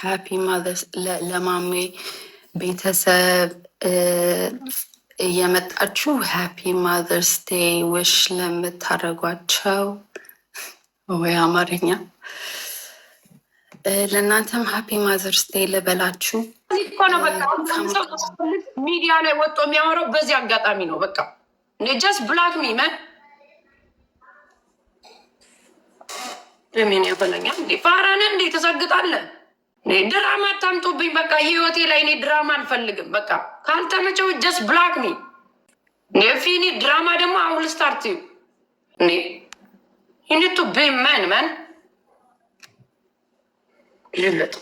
ሃፒ ማዘርስ ለማሜ ቤተሰብ እየመጣችሁ ሃፒ ማዘርስ ዴይ ውሽ ለምታደርጓቸው ወይ አማርኛ ለእናንተም ሃፒ ማዘርስ ዴይ ልበላችሁ ሚዲያ ላይ ወጥቶ የሚያወራው በዚህ አጋጣሚ ነው። በቃ ጀስት ብላክ ሚ መን ምን ያበላኛል እንዴ? ፋራን እንዴ ተሰግጣለን ድራማ አታምጡብኝ። በቃ ህይወቴ ላይ እኔ ድራማ አልፈልግም። በቃ ካልተመቸው ጀስ ብላክ ሚ ፊኒ ድራማ ደግሞ አሁን ስታርት ዩ ዩኒቱ ብመን መን ልለጥ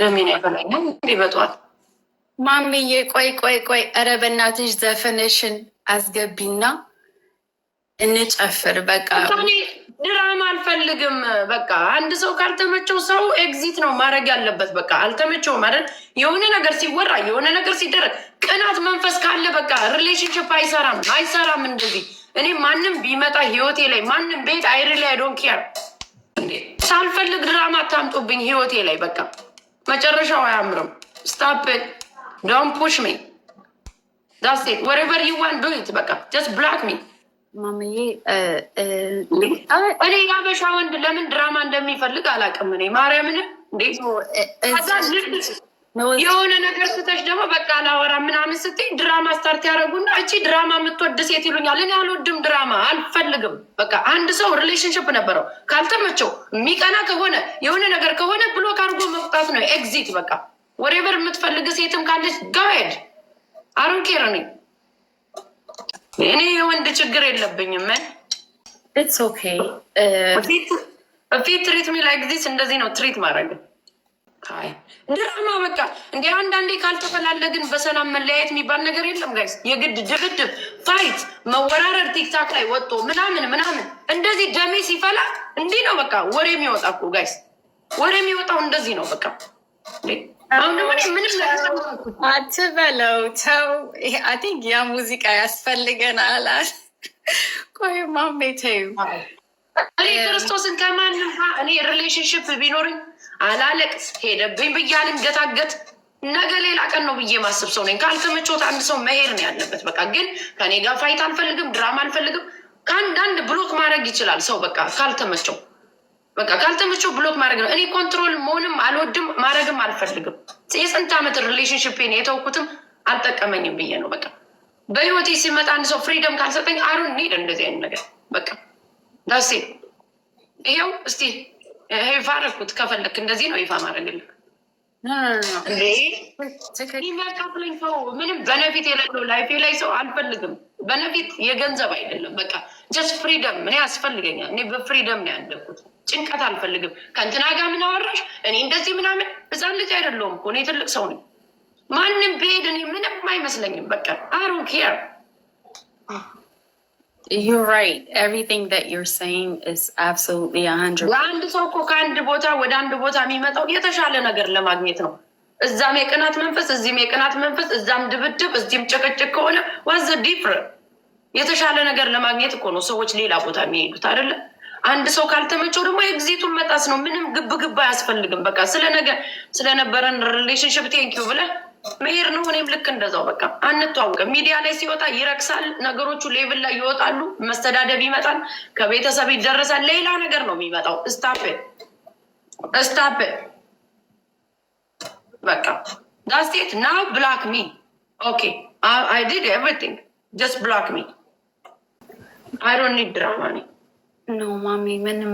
ደሚን አይበላኝም። ይበጠዋል በጠዋት ማምዬ ቆይ ቆይ ቆይ፣ ኧረ በእናትሽ ዘፈነሽን አስገቢና እንጨፍር በቃ ድራማ አልፈልግም። በቃ አንድ ሰው ካልተመቸው ሰው ኤግዚት ነው ማድረግ ያለበት። በቃ አልተመቸው ማለት የሆነ ነገር ሲወራ የሆነ ነገር ሲደረግ ቅናት መንፈስ ካለ በቃ ሪሌሽንሽፕ አይሰራም አይሰራም። እንደዚህ እኔ ማንም ቢመጣ ህይወቴ ላይ ማንም ቤት አይሪ ላይ ሳልፈልግ ድራማ አታምጡብኝ ህይወቴ ላይ በቃ መጨረሻው አያምርም። ስታፕ ዶን ፑሽ ሚ ዳሴት ወሬቨር ዩዋን ዱት በቃ ጀስት ብላክ ሚ ማመዬ እኔ ያበሻ ወንድ ለምን ድራማ እንደሚፈልግ አላውቅም። እኔ ማርያምን የሆነ ነገር ስተሽ ደግሞ በቃ ላወራ ምናምን ስትይ ድራማ ስታርት ያደረጉና እቺ ድራማ የምትወድ ሴት ይሉኛል። እኔ አልወድም፣ ድራማ አልፈልግም። በቃ አንድ ሰው ሪሌሽንሽፕ ነበረው ካልተመቸው የሚቀና ከሆነ የሆነ ነገር ከሆነ ብሎክ አድርጎ መውጣት ነው ኤግዚት። በቃ ወሬቨር የምትፈልግ ሴትም ካለች ጋሄድ አሮንኬር ነኝ እኔ የወንድ ችግር የለብኝም። ኢትስ ኦኬ። ፊት ትሪት ሚ ላይክ ዚስ እንደዚህ ነው ትሪት ማድረግ ድራማ በቃ እንዲ አንዳንዴ ካልተፈላለግን በሰላም መለያየት የሚባል ነገር የለም ጋይስ። የግድ ድብድብ፣ ፋይት፣ መወራረድ ቲክታክ ላይ ወጥቶ ምናምን ምናምን እንደዚህ ደሜ ሲፈላ እንዲህ ነው በቃ ወሬ የሚወጣ እኮ ጋይስ። ወሬ የሚወጣው እንደዚህ ነው በቃ። አትበለው ተው። አይ ያ ሙዚቃ ያስፈልገናል። ቆይ ማሜ ተይው። እኔ ክርስቶስን ከማንም እኔ ሪሌሽንሽፕ ቢኖርኝ አላለቅስ ሄደብኝ ብዬ አልንገታገት ነገ ሌላ ቀን ነው ብዬ ማስብ ሰው ነኝ። ካልተመቾት አንድ ሰው መሄድ ነው ያለበት። በቃ ግን ከኔ ጋር ፋይት አልፈልግም፣ ድራማ አልፈልግም። ከአንዳንድ ብሎክ ማድረግ ይችላል ሰው በቃ ካልተመቸው በቃ ካልተመቸው ብሎክ ማድረግ ነው። እኔ ኮንትሮል መሆንም አልወድም ማድረግም አልፈልግም። የስንት ዓመት ሪሌሽንሽፕን የተውኩትም አልጠቀመኝም ብዬ ነው። በቃ በህይወቴ ሲመጣ አንድ ሰው ፍሪደም ካልሰጠኝ አሩ እንሂድ እንደዚህ አይነት ነገር በቃ ዳሴ ይኸው እስቲ ይፋ አደረኩት። ከፈለክ እንደዚህ ነው ይፋ ማድረግልህ የሚያካፍለኝ ሰው ምንም በነፊት የሌለው ላይፌ ላይ ሰው አልፈልግም። በነፊት የገንዘብ አይደለም በቃ ጀስት ፍሪደም እኔ ያስፈልገኛል። እኔ በፍሪደም ነው ያደግኩት። ጭንቀት አልፈልግም። ከእንትና ጋር ምን አወራሽ? እኔ እንደዚህ ምናምን ህፃን ልጅ አይደለሁም እኮ እኔ ትልቅ ሰው ነኝ። ማንም ብሄድ እኔ ምንም አይመስለኝም። በቃ አሮን ኬር You're right. Everything that you're saying is absolutely a hundred. ለአንድ ሰው እኮ ከአንድ ቦታ ወደ አንድ ቦታ የሚመጣው የተሻለ ነገር ለማግኘት ነው። እዛም የቅናት መንፈስ፣ እዚህም የቅናት መንፈስ፣ እዛም ድብድብ፣ እዚህም ጭቅጭቅ ከሆነ ዋዘ የተሻለ ነገር ለማግኘት እኮ ነው ሰዎች ሌላ ቦታ የሚሄዱት አይደለም። አንድ ሰው ካልተመቸው ደግሞ የጊዜቱን መጣስ ነው። ምንም ግብ ግብ አያስፈልግም። በቃ ስለ ነገ ስለነበረን ሪሌሽንሽፕ ቴንኪዩ ብለ መሄድ ነው። እኔም ልክ እንደዛው በቃ አንተዋወቅም። ሚዲያ ላይ ሲወጣ ይረክሳል፣ ነገሮቹ ሌብል ላይ ይወጣሉ፣ መስተዳደብ ይመጣል፣ ከቤተሰብ ይደረሳል፣ ሌላ ነገር ነው የሚመጣው። እስታፕ እስታፕ በቃ ዳስቴት ና ብላክ ሚ ኦኬ አይ ዲድ ኤቭሪቲንግ ጀስት ብላክ ሚ አይ ዶንት ኒድ ድራማ ነው ማሚ፣ ምንም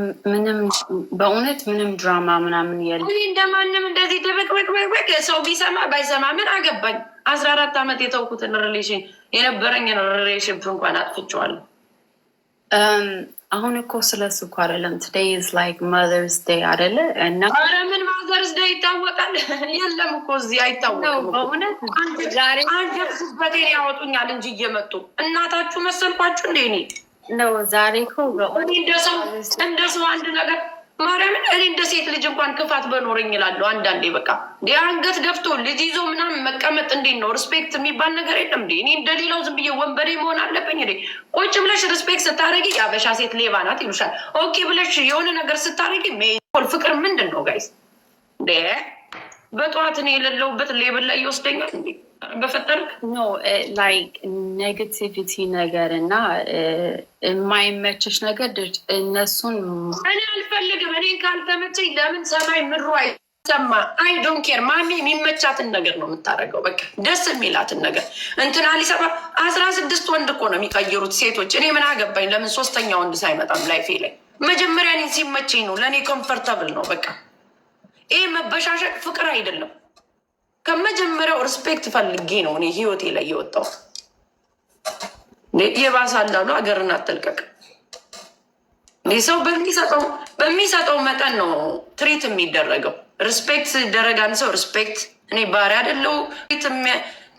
በእውነት ምንም ድራማ ምናምን የለ። እኔ እንደማንም እንደዚህ ድብቅብቅብቅ ሰው ቢሰማ ባይሰማ ምን አገባኝ? አስራ አራት ዓመት የተውኩትን ሪሌሽን የነበረኝን ሪሌሽን እንኳን አጥፍቼዋለሁ። አሁን እኮ ስለ እሱ እኮ አይደለም። ቱዴይ ኢዝ ላይክ ማዘርስ ዴይ አይደለ? እና ኧረ ምን ማዘርስ ዴይ ይታወቃል? የለም እኮ እዚህ አይታወቅም። በእውነት አንድ ያወጡኛል እንጂ እየመጡ እናታችሁ መሰልኳችሁ እንደ እኔ ነው ዛሬ እኮ እንደሰው አንድ ነገር ማርያምን እኔ እንደ ሴት ልጅ እንኳን ክፋት በኖረኝ ይላለሁ። አንዳንዴ በቃ አንገት ደፍቶ ልጅ ይዞ ምናምን መቀመጥ እንዴት ነው? ሪስፔክት የሚባል ነገር የለም እንዴ? እኔ እንደሌላው ዝም ብዬ ወንበዴ መሆን አለብኝ? ቁጭ ብለሽ ሪስፔክት ስታደረጊ የአበሻ ሴት ሌባ ናት ይሉሻል። ኦኬ ብለሽ የሆነ ነገር ስታደረጊ ፍቅር ምንድን ነው ጋይስ? በጠዋት የሌለውበት ሌብል ላይ ይወስደኛል። በፈጠር ኔጋቲቪቲ ነገር እና የማይመችሽ ነገር እነሱን እኔ አልፈልግም። እኔ ካልተመቸኝ ለምን ሰማይ ምሩ አይሰማ? አይ ዶን ኬር ማሚ የሚመቻትን ነገር ነው የምታደርገው። በቃ ደስ የሚላትን ነገር እንትና ሊሰማ አስራ ስድስት ወንድ እኮ ነው የሚቀይሩት ሴቶች። እኔ ምን አገባኝ? ለምን ሶስተኛ ወንድ ሳይመጣም ላይፌ ላይ መጀመሪያ እኔን ሲመቸኝ ነው ለእኔ ኮምፈርተብል ነው በቃ ይህ መበሻሸቅ ፍቅር አይደለም። ከመጀመሪያው ሪስፔክት ፈልጌ ነው እኔ ህይወቴ ላይ የወጣው። የባሰ እንዳሉ ሀገርን አጠልቀቅ ሰው በሚሰጠው መጠን ነው ትሪት የሚደረገው። ሪስፔክት ሲደረግ አንድ ሰው ሪስፔክት እኔ ባሪያ አይደለው።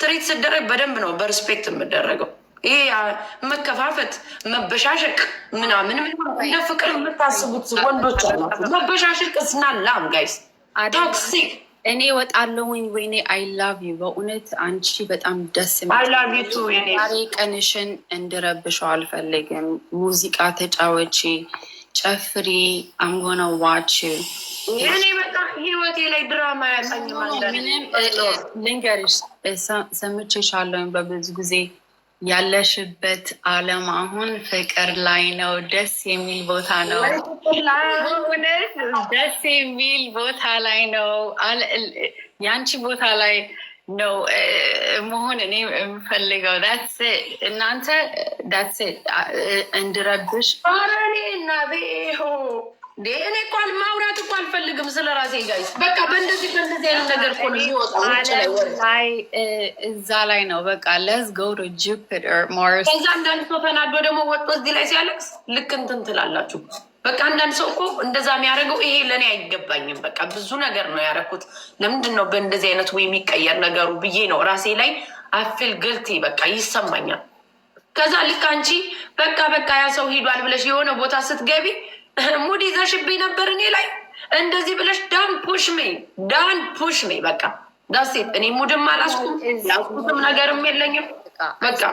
ትሪት ሲደረግ በደንብ ነው በሪስፔክት የምደረገው። ይሄ መከፋፈት፣ መበሻሸቅ ምናምን እንደ ፍቅር የምታስቡት ወንዶች መበሻሸቅ ስናላም ጋይስ እኔ ወጣለውኝ ወይኔ አይ ላቭ ዩ በእውነት አንቺ በጣም ደስ ዛሬ ቀንሽን እንድረብሸው አልፈልግም። ሙዚቃ ተጫወቺ፣ ጨፍሪ፣ አምጎነ ዋች እኔ በጣም ህይወቴ ላይ ድራማ ያሳኝ ልንገርሽ ሰምቼሻለሁኝ በብዙ ጊዜ ያለሽበት ዓለም አሁን ፍቅር ላይ ነው። ደስ የሚል ቦታ ነው። ደስ የሚል ቦታ ላይ ነው። የአንቺ ቦታ ላይ ነው መሆን እኔ የምፈልገው። እናንተ ዳትስ እንድረብሽ ኧረ እኔ እኮ ማውራት እኮ አልፈልግም ስለ ራሴ ጋይስ። በቃ በእንደዚህ በእንደዚህ አይነት ነገር እኮ ላይ እዛ ላይ ነው በቃ ለዝ ጎ ጁፒተር ማርስ። ከዛ አንዳንድ ሰው ተናዶ ደግሞ ወጥቶ እዚህ ላይ ሲያለቅስ ልክ እንትን ትላላችሁ። በቃ አንዳንድ ሰው እኮ እንደዛ የሚያደርገው ይሄ ለእኔ አይገባኝም። በቃ ብዙ ነገር ነው ያደረኩት። ለምንድን ነው በእንደዚህ አይነት ወይ የሚቀየር ነገሩ ብዬ ነው ራሴ ላይ አፊል ግልቲ በቃ ይሰማኛል። ከዛ ልክ አንቺ በቃ በቃ ያ ሰው ሂዷል ብለሽ የሆነ ቦታ ስትገቢ ሙድ ይዘሽብኝ ነበር እኔ ላይ እንደዚህ ብለሽ ዳን ፑሽ ሜ ዳን ፑሽ ሜ በቃ ዳሴት እኔ ሙድም አላስኩም ያስኩትም ነገርም የለኝም። በቃ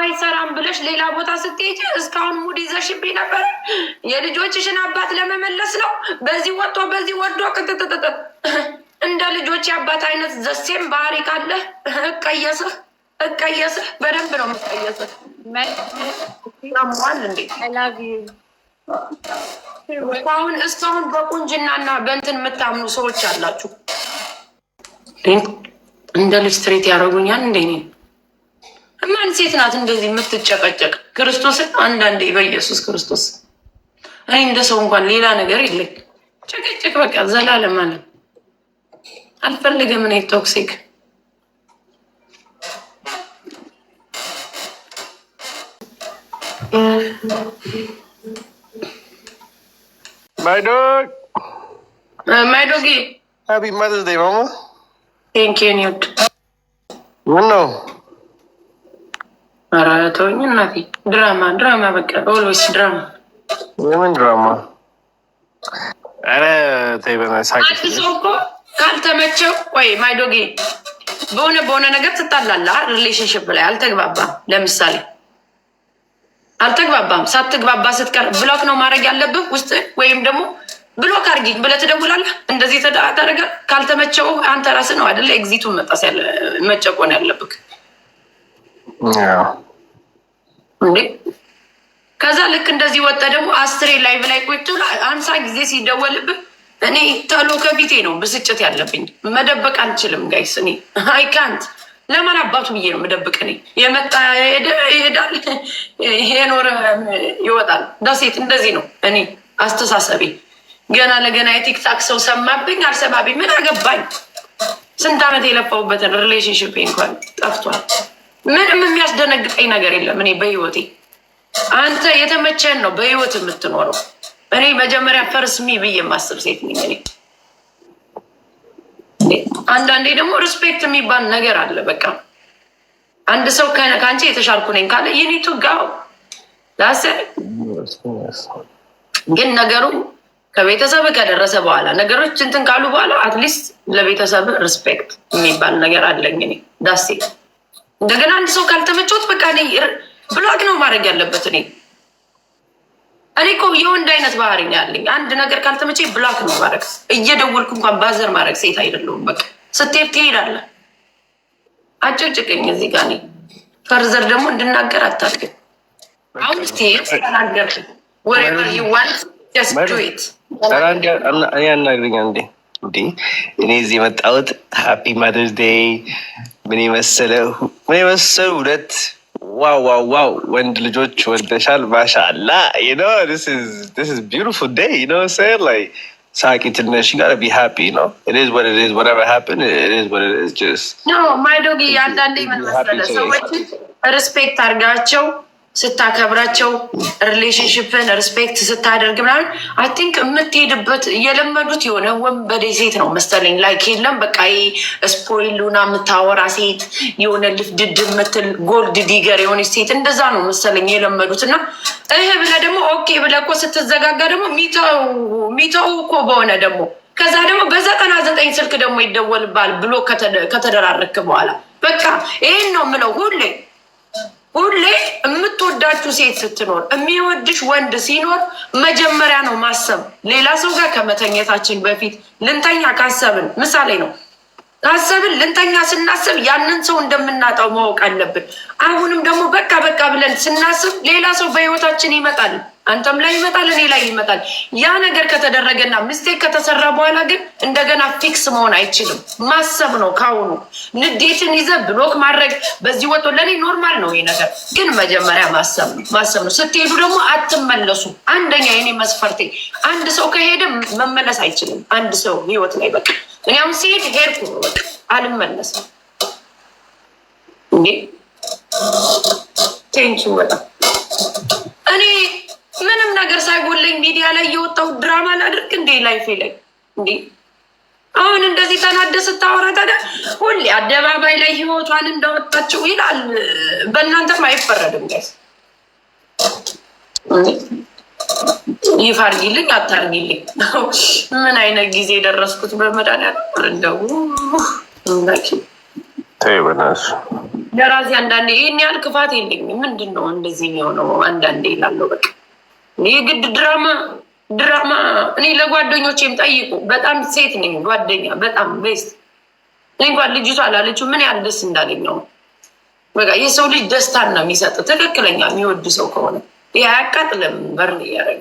አይሰራም ብለሽ ሌላ ቦታ ስትሄጂ እስካሁን ሙድ ይዘሽብኝ ነበረ። የልጆችሽን አባት ለመመለስ ነው በዚህ ወጥቶ በዚህ ወዶ ቅጥጥጥጥ እንደ ልጆች አባት አይነት ዘሴም ባህሪ ካለ ቀየስህ እቀየስ በደንብ ነው የምትቀየስት። ሟል እንዴ አሁን እስካሁን በቁንጅናና በእንትን የምታምኑ ሰዎች አላችሁ። እንደ ልጅ ትሬት ያደረጉኛል እንዴ? ማን ሴት ናት እንደዚህ የምትጨቀጨቅ? ክርስቶስን አንዳንዴ በኢየሱስ ክርስቶስ እኔ እንደ ሰው እንኳን ሌላ ነገር የለኝ። ጭቅጭቅ በቃ ዘላለም አለ አልፈልግም እኔ ቶክሲክ My dog. Uh, my doggy. Happy Mother's Day, Mama. Thank you, Newt. ምን ነው? ኧረ ተወኝ እናቴ። ድራማ ድራማ፣ በቃ ኦልዌይስ ድራማ። የምን ድራማ? ኧረ ተይ በእናትሽ። አንድ ሰው እኮ ካልተመቸው ወይ ማይ ዶጌ፣ በሆነ በሆነ ነገር ትጣላለህ። ሪሌሽንሽፕ ላይ አልተግባባም። ለምሳሌ አልተግባባም። ሳትግባባ ስትቀር ብሎክ ነው ማድረግ ያለብህ ውስጥ ወይም ደግሞ ብሎክ አርጊ ብለህ ትደውላለህ። እንደዚህ ተደረገ ካልተመቸው አንተ ራስ ነው አይደለ ኤግዚቱን መጨቆን ያለብህ እንዴ። ከዛ ልክ እንደዚህ ወጣ ደግሞ አስሬ ላይቭ ላይ ቁጭ አምሳ ጊዜ ሲደወልብህ እኔ ተሎ ከፊቴ ነው ብስጭት ያለብኝ። መደበቅ አልችልም ጋይስ እኔ አይ ካንት ለማን አባቱ ብዬ ነው የምደብቅ? እኔ የመጣ ይሄዳል፣ የኖረ ይወጣል። ደሴት እንደዚህ ነው እኔ አስተሳሰቤ። ገና ለገና የቲክታክ ሰው ሰማብኝ አልሰማብኝ ምን አገባኝ? ስንት ዓመት የለፋሁበትን ሪሌሽንሽፕ እንኳን ጠፍቷል። ምንም የሚያስደነግጠኝ ነገር የለም። እኔ በህይወቴ አንተ የተመቸህን ነው በህይወት የምትኖረው። እኔ መጀመሪያ ፈርስሚ ብዬ የማስብ ሴት ነኝ እኔ አንዳንዴ ደግሞ ሪስፔክት የሚባል ነገር አለ። በቃ አንድ ሰው ከአንቺ የተሻልኩ ነኝ ካለ የኒቱ ጋው ላሰ ግን ነገሩ ከቤተሰብ ከደረሰ በኋላ ነገሮች እንትን ካሉ በኋላ አትሊስት ለቤተሰብ ሪስፔክት የሚባል ነገር አለኝ። እኔ ዳሴ እንደገና አንድ ሰው ካልተመቾት በቃ ብሎክ ነው ማድረግ ያለበት እኔ እኔ እኮ የወንድ አይነት ባህሪ ነው ያለኝ። አንድ ነገር ካልተመቼ ብላክ ነው ማድረግ። እየደወልኩ እንኳን ባዘር ማድረግ ሴት አይደለሁም። በቃ ስትሄድ ትሄዳለህ። አጨቅጭቀኝ እዚህ ጋ እኔ ፈርዘር ደግሞ እንድናገር አታድርግም። አሁን ስትሄድ ተናገር ያናግርኛ እንዴ እንዴ እኔ እዚህ የመጣሁት ሀፒ ማደርስ ዴይ ምን የመሰለ ምን የመሰሉ ሁለት ዋው ዋው ዋው! ወንድ ልጆች ወደሻል። ማሻአላ ሳቂ ትንሽ ጋር ቢ ሃፒ ነው ማይ ዶጊ። አንዳንዴ ምን መሰለህ ሰዎችን ሪስፔክት አድርጋቸው ስታከብራቸው ሪሌሽንሽፕን ሪስፔክት ስታደርግ ምናምን አይ ቲንክ የምትሄድበት የለመዱት የሆነ ወንበዴ ሴት ነው መሰለኝ። ላይክ የለም በቃ ስፖይሉና የምታወራ ሴት የሆነ ልፍድድ ድድ የምትል ጎልድ ዲገር የሆነች ሴት እንደዛ ነው መሰለኝ የለመዱት። እና እህ ብለህ ደግሞ ኦኬ ብለህ እኮ ስትዘጋጋ ደግሞ ሚተው እኮ በሆነ ደግሞ ከዛ ደግሞ በዘጠና ዘጠኝ ስልክ ደግሞ ይደወልባል ብሎ ከተደራረክ በኋላ በቃ ይህን ነው የምለው ሁሌ ሁሌ የምትወዳችሁ ሴት ስትኖር የሚወድሽ ወንድ ሲኖር መጀመሪያ ነው ማሰብ። ሌላ ሰው ጋር ከመተኘታችን በፊት ልንተኛ ካሰብን ምሳሌ ነው ካሰብን ልንተኛ ስናስብ ያንን ሰው እንደምናጣው ማወቅ አለብን። አሁንም ደግሞ በቃ በቃ ብለን ስናስብ ሌላ ሰው በህይወታችን ይመጣል። አንተም ላይ ይመጣል፣ እኔ ላይ ይመጣል። ያ ነገር ከተደረገና ምስቴክ ከተሰራ በኋላ ግን እንደገና ፊክስ መሆን አይችልም። ማሰብ ነው ካሁኑ ንዴትን ይዘ ብሎክ ማድረግ በዚህ ወጥቶ ለእኔ ኖርማል ነው ይሄ ነገር፣ ግን መጀመሪያ ማሰብ ነው ማሰብ ነው። ስትሄዱ ደግሞ አትመለሱ። አንደኛ የኔ መስፈርቴ አንድ ሰው ከሄደ መመለስ አይችልም። አንድ ሰው ህይወት ላይ በቃ እኔ አሁን ሲሄድ ሄድኩ ነው በቃ አልመለስም። እንዴ ቴንኪው በጣም እኔ ምንም ነገር ሳይጎለኝ ሚዲያ ላይ የወጣው ድራማ ላድርግ እንዴ? ላይፍ ላይ እንዴ? አሁን እንደዚህ ተናደ ስታወራ ታዲያ ሁሌ አደባባይ ላይ ህይወቷን እንዳወጣችው ይላል። በእናንተም አይፈረድም ጋይስ። ይፋ አድርጊልኝ አታርጊልኝ፣ ምን አይነት ጊዜ የደረስኩት በመድኃኒዓለም እንደው ለራሴ አንዳንዴ ይህን ያህል ክፋት የለኝም። ምንድን ነው እንደዚህ የሚሆነው? አንዳንዴ ይላለው በቃ የግድ ድራማ ድራማ እኔ ለጓደኞቼም ጠይቁ። በጣም ሴት ነኝ ጓደኛ በጣም ቤስት እንኳን ልጅቷ አላለችው ምን ያህል ደስ እንዳገኘው። በቃ የሰው ልጅ ደስታን ነው የሚሰጥ ትክክለኛ የሚወድ ሰው ከሆነ ይህ አያቃጥልም። በር እያደረገ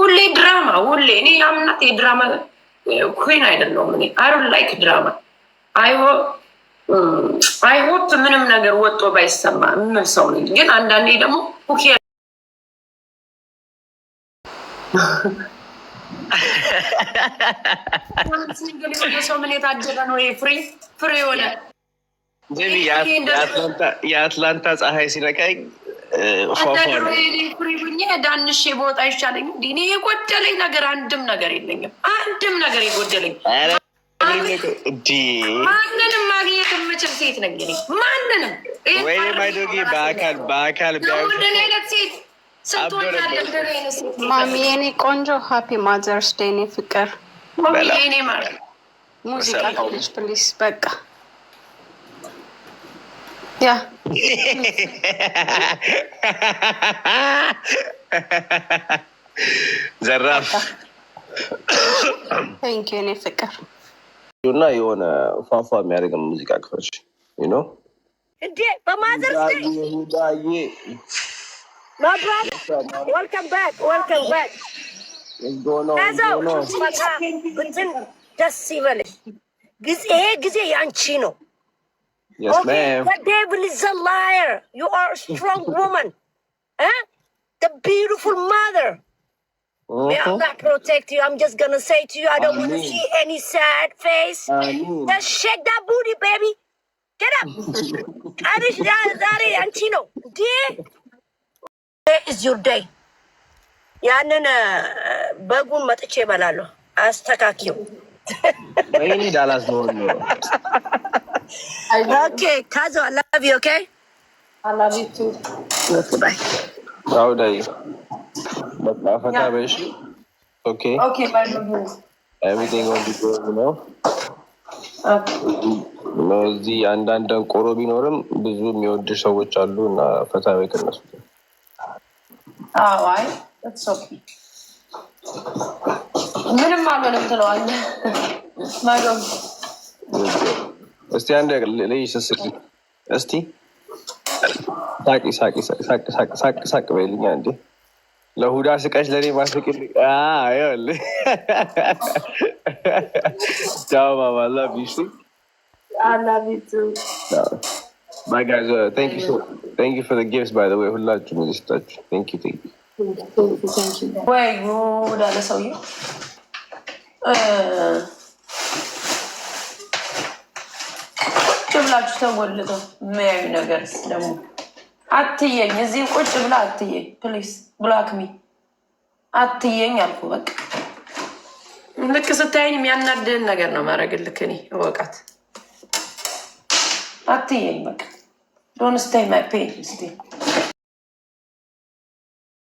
ሁሌ ድራማ ሁሌ እኔ ያምናት የድራማ ኩን አይደለውም እኔ አይሮን ላይክ ድራማ አይሆፕ ምንም ነገር ወጦ ባይሰማ ምን ሰው ነኝ ግን አንዳንዴ ደግሞ ሰው ምን የታጀበ ነው ፍሬ ፍሬ የሆነ የአትላንታ ፀሐይ ሲነካኝ ፍሬኝ ዳንሽ በወጣ ይሻለኝ። እኔ የጎደለኝ ነገር አንድም ነገር የለኝም። አንድም ነገር የጎደለኝ ማንንም ማግኘት የምችል ሴት ነኝ። ማንንም በአካል በአካል ሴት ማሚ የኔ ቆንጆ ሀፒ ማዘርስ ዴይ የኔ ፍቅር። ሙዚቃ ትንሽ ፕሊስ። በቃ ያ ዘራፍ ቴንክ የኔ ፍቅር። እና የሆነ ፏፏ የሚያደርግ ሙዚቃ ክፈች ነው እንዴ በማዘርስ ዴይ Welcome back. Welcome back. What's going on? እዛው እንትን ደስ ይበልሽ። ጊዜ ይሄ ጊዜ ያንቺ ነው። Yes, okay. ma'am. The devil is a liar. You are a strong woman. huh? Eh? The beautiful mother. Uh-huh. May Allah protect you. I'm just gonna say to you, I don't want to see any sad face. I Just shake that booty, baby. Get up. I ዛሬ አንቺ ነው እንዴ? ቱዴይ ኢዝ ዩር ዴይ። ያንን በጉን መጥቼ እበላለሁ። አስተካኪው ወይኔ ዳላስ ነው። ኦኬ ካዞ አይ ዩ ኦኬ አይ ዩ ቱ በቃ ፈታ በሽ ኦኬ ኦኬ ኤቭሪቲንግ ኦን ዲ ጎ ነው። እዚህ አንዳንድ ደንቆሮ ቢኖርም ብዙ የሚወድ ሰዎች አሉ እና ፈታ በይ ከነሱ አዋይ ኦኬ ምንም አልሆንም ትለዋለህ። ማዶም እስቲ አንድ ልይ ስስል እስቲ ሳቂ ሳቂ ሳቂ ሳቂ በይልኛ እንዴ ለሁዳ ስቀሽ ለእኔ ማስቅል ል ቻው ማማ ላቪ ባይ ጋይዝ ታንክ ዩ ታንክ ዩ ፎር ዘ ጊፍትስ ባይ ዘ ዌይ ሁላችሁ ነው ስታችሁ ዩ ታንክ ዩ ወይ ጉድ አለ ሰውዬው። ቁጭ ብላችሁ ተወልጠው የሚያዩ ነገር ደግሞ አትየኝ፣ እዚህ ቁጭ ብላ አትየኝ፣ ፕሊስ ብላክሚ አትየኝ አልኩ። በቃ ልክ ስታየኝ የሚያናድድን ነገር ነው ማድረግ። እኔ እወቃት አትየኝ በቃ ዶንት ስቴይ ማይ ፔጅ